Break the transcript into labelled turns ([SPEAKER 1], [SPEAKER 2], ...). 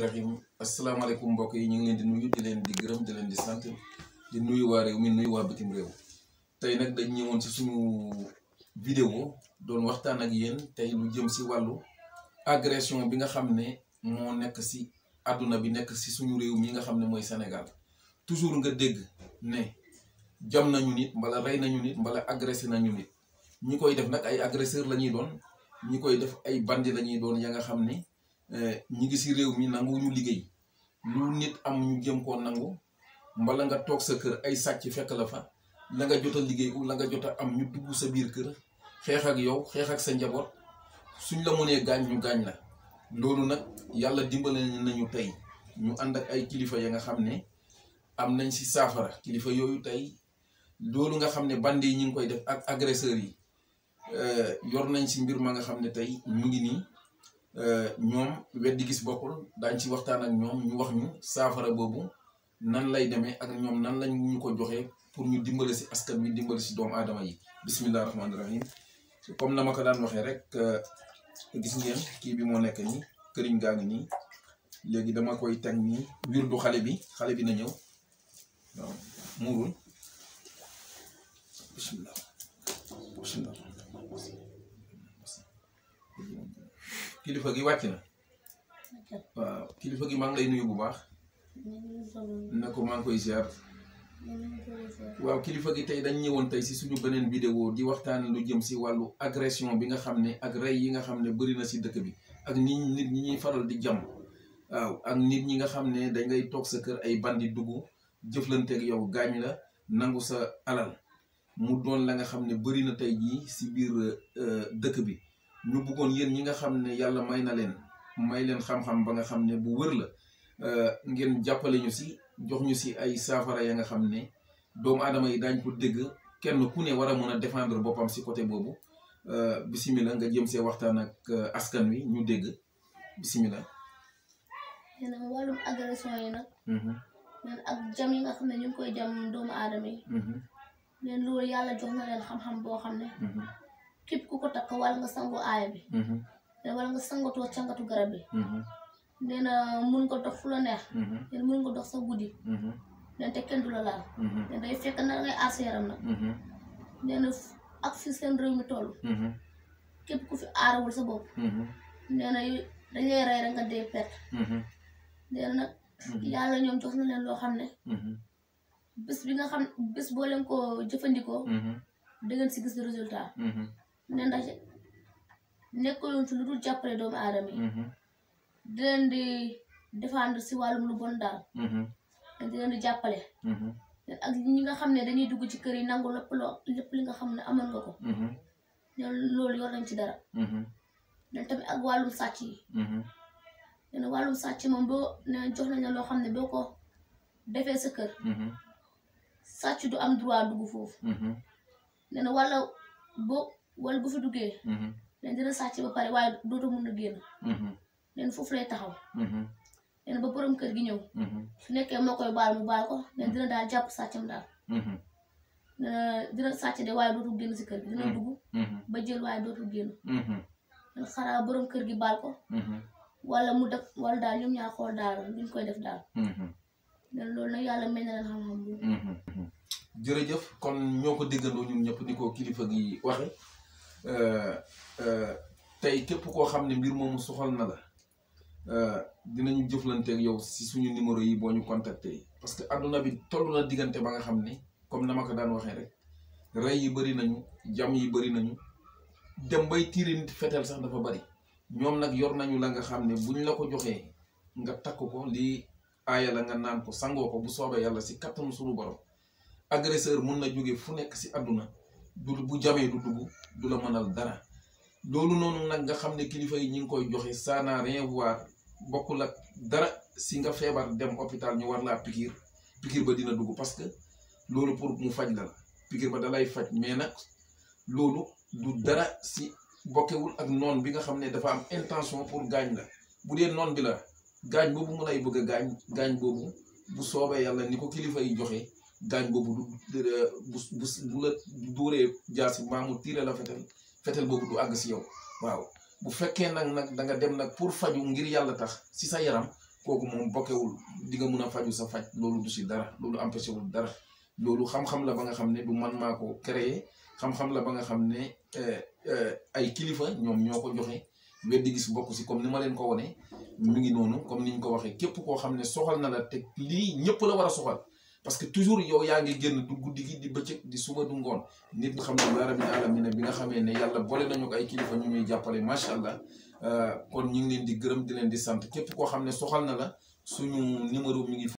[SPEAKER 1] rahim asalaamaaleykum mbokk yi ñu ngi leen di nuyu di leen di gërëm di leen di sant di nuyu waa réew mi nuyu waa bitim réew tey nag dañ ñëwoon ci suñu vidéo doon waxtaan ak yéen tey lu jëm si wàllu agression bi nga xam ne moo nekk ci àdduna bi nekk ci suñu réew mi nga xam ne mooy Sénégal toujours nga dégg ne jam nañu nit mbala rey nañu nit mbala agressé nañu nit ñi koy def nag ay agresseur la ñuy doon ñi koy def ay bandi la ñuy doon ya nga xam ne Eh, ñi ngi si réew mi nangu ñu liggéey lu nit am ñu jëm koo nangu mbala nga toog sa kër ay sàcc fekk la fa la nga jot a liggéey ou la nga jot a am ñu dugg sa biir kër xeex ak yow xeex ak sa njaboot suñ la mënee gaañ ñu gaañ la loolu nag yàlla dimbale nañu tey ñu ànd ak ay kilifa ya nga xam ne am nañ si saafara kilifa yooyu tey loolu nga xam ne bandi yi ñu koy def ak agresseurs yi eh, yor nañ si mbir ma nga xam ne tey mu ngi nii Euh, ñoom weddi gis bokkul daañ ci waxtaan ak ñoom ñu wax ñu saafara boobu nan lay demee ak ñoom nan lañ ñu ko joxe pour ñu dimbali si askan wi dimbali si doomu aadama yi bisimilah rahmaani rahim comme na ma ko daan waxee rek euh, gis ngeen kii bi moo nekk nii këriñ gaa ngi nii léegi dama koy teg nii wirdu xale bi xale bi na ñëw waaw muurul bisimilah kilifa gi wàcc na waaw kilifa gi maa ngi nuyu bu baax na ko maa koy ziar waaw kilifa gi tey dañ ñëwoon tey si suñu beneen vidéo di waxtaan lu jëm si wàllu agression bi nga xam ne ak rey yi nga xam ne bëri na si dëkk bi ak nit ñi ñuy faral di jàmm waaw ak ñi nga xam ne dangay toog sa kër ay bandi dugg jëflanteeg yow gaañ la nangu sa alal mu doon la nga xam ne bëri na tey jii si biir euh, dëkk bi ñu bëggoon yéen ñi nga xam ne yàlla may na leen may leen xam-xam ba nga xam ne bu wër la euh, ngeen jàppale ñu si jox ñu si ay saafara ya nga xam ne doomu aadama yi daañ dégg kenn ne war a mën a défendre boppam si côté boobu euh, bisimila nga jëm see waxtaan ak euh, askan wi ñu dégg bisimila
[SPEAKER 2] nee na koy jam doomu aadama yi neen mm-hmm. loolu yàlla jox na leen xam-xam boo xam ne mm-hmm. képp ku ko takk wala nga sangu aaya bi wala nga sangatoo cangatu garab bi nee na mun mm-hmm. nga dox fu neex nee na mun nga dox sa guddi nee te kenn la laal nee day fekk na ngay aar sa yaram nag nee ak fi seen mi toll képp ku fi aarawul sa bopp
[SPEAKER 3] nee
[SPEAKER 2] na dañ lay rey rek nga dee perte nee na nag yàlla ñoom jox na loo xam ne mm-hmm. bés bi nga xam bés boo leen ko jëfandikoo mm-hmm. da si gis résultat ne ndax nekkuloon ci lu dul jàppale doomu aadama yi. Mhm. di leen di si wàllum lu bon daal. Mhm. di leen di jàppale. Mhm. ak ñi nga xam ne dañuy dugg ci kër yi nangu lépp loo li nga xam ne amoon nga ko. ñoom loolu yor nañ ci dara. ñoom tamit ak wàllum sàcc yi. ñoom wàllum sàcc moom boo ne jox nañ la loo xam ne boo ko defee sa kër. sàcc du am droit dugg foofu. nee na wala wala bu fi duggee. Mm-hmm. leen dina sàcc ba pare waaye dootu mun a génn. Mm-hmm. leen foofu taxaw. Mm-hmm. leen ba borom kër gi ñëw. su nekkee moo koy baal mu baal ko leen dina daal jàpp sàccam daal. dina sàcc de waaye dootu génn si kër gi dina dugg. ba jël kër gi baal ko. wala mu def wala daal ñoom ñaa xool daal duñ koy def daal. yàlla mel na leen xam-xam.
[SPEAKER 1] jërëjëf kon ñoo ko déggandoo ñun ñëpp ni ko kilifa gi waxe Euh, euh, tey képp koo xam ne mbir moomu soxal na la euh, dinañu jëflanteeg yow si suñu numéro yi boo ñu contacté parce que adduna bi toll na diggante ba nga xam ne comme na ma ko daan waxee rek rey yi bëri nañu jam yi bëri nañu dem bay tiiri nit fetel sax dafa bëri ñoom nag yor nañu la nga xam ne bu ñu la ko joxee nga takk ko li aaya la nga naan ko sangoo ko bu soobee yàlla si kattanu suñu borom agresseur mun na jóge fu nekk si àdduna dulu bu jabe du dugg du la mënal dara lolou noonu nak nga xamne kilifa yi ñu ngi koy joxe sana rien voir bokul ak dara si nga febar dem hôpital ñu war la pikir pikir ba dina dugg parce que lolou pour mu fajj la pikir ba dalay fajj mais nak lolou du dara si bokewul ak non bi nga xamne dafa am intention pour gaañ la bu dee noon bi la gaañ bobu mu lay bëgg a gaañ bobu bu yalla niko kilifa yi joxe gaañ boobu du bu bu bu la dóoree jaasi maamu tiire la fetel fetel boobu du àgg si yow waaw bu fekkee nag nag da nga dem nag pour faju ngir yàlla tax si sa yaram kooku moom bokkewul di nga mun a faju sa faj loolu du si dara loolu empêché wul dara loolu xam-xam la ba nga xam ne du man maa ko créé xam-xam la ba nga xam ne eh, eh, ay kilifa ñoom ñoo ko joxe weddi gis bokk si comme ni ma leen ko wone mu ngi noonu comme niñ ko waxee képp koo xam ne soxal na la te lii ñëpp la war a soxal parce que toujours yow yaa ngi génn du guddi gi di bëccëg di suba du ngoon nit nga xam ne rabbil alamina bi nga xamee ne yàlla boole nañu ko ay kilifa ñu ñuy jàppale macha allah euh, kon ñu ngi leen di gërëm di leen di sant képp koo xam ne soxal na la suñu numéro mi ngi.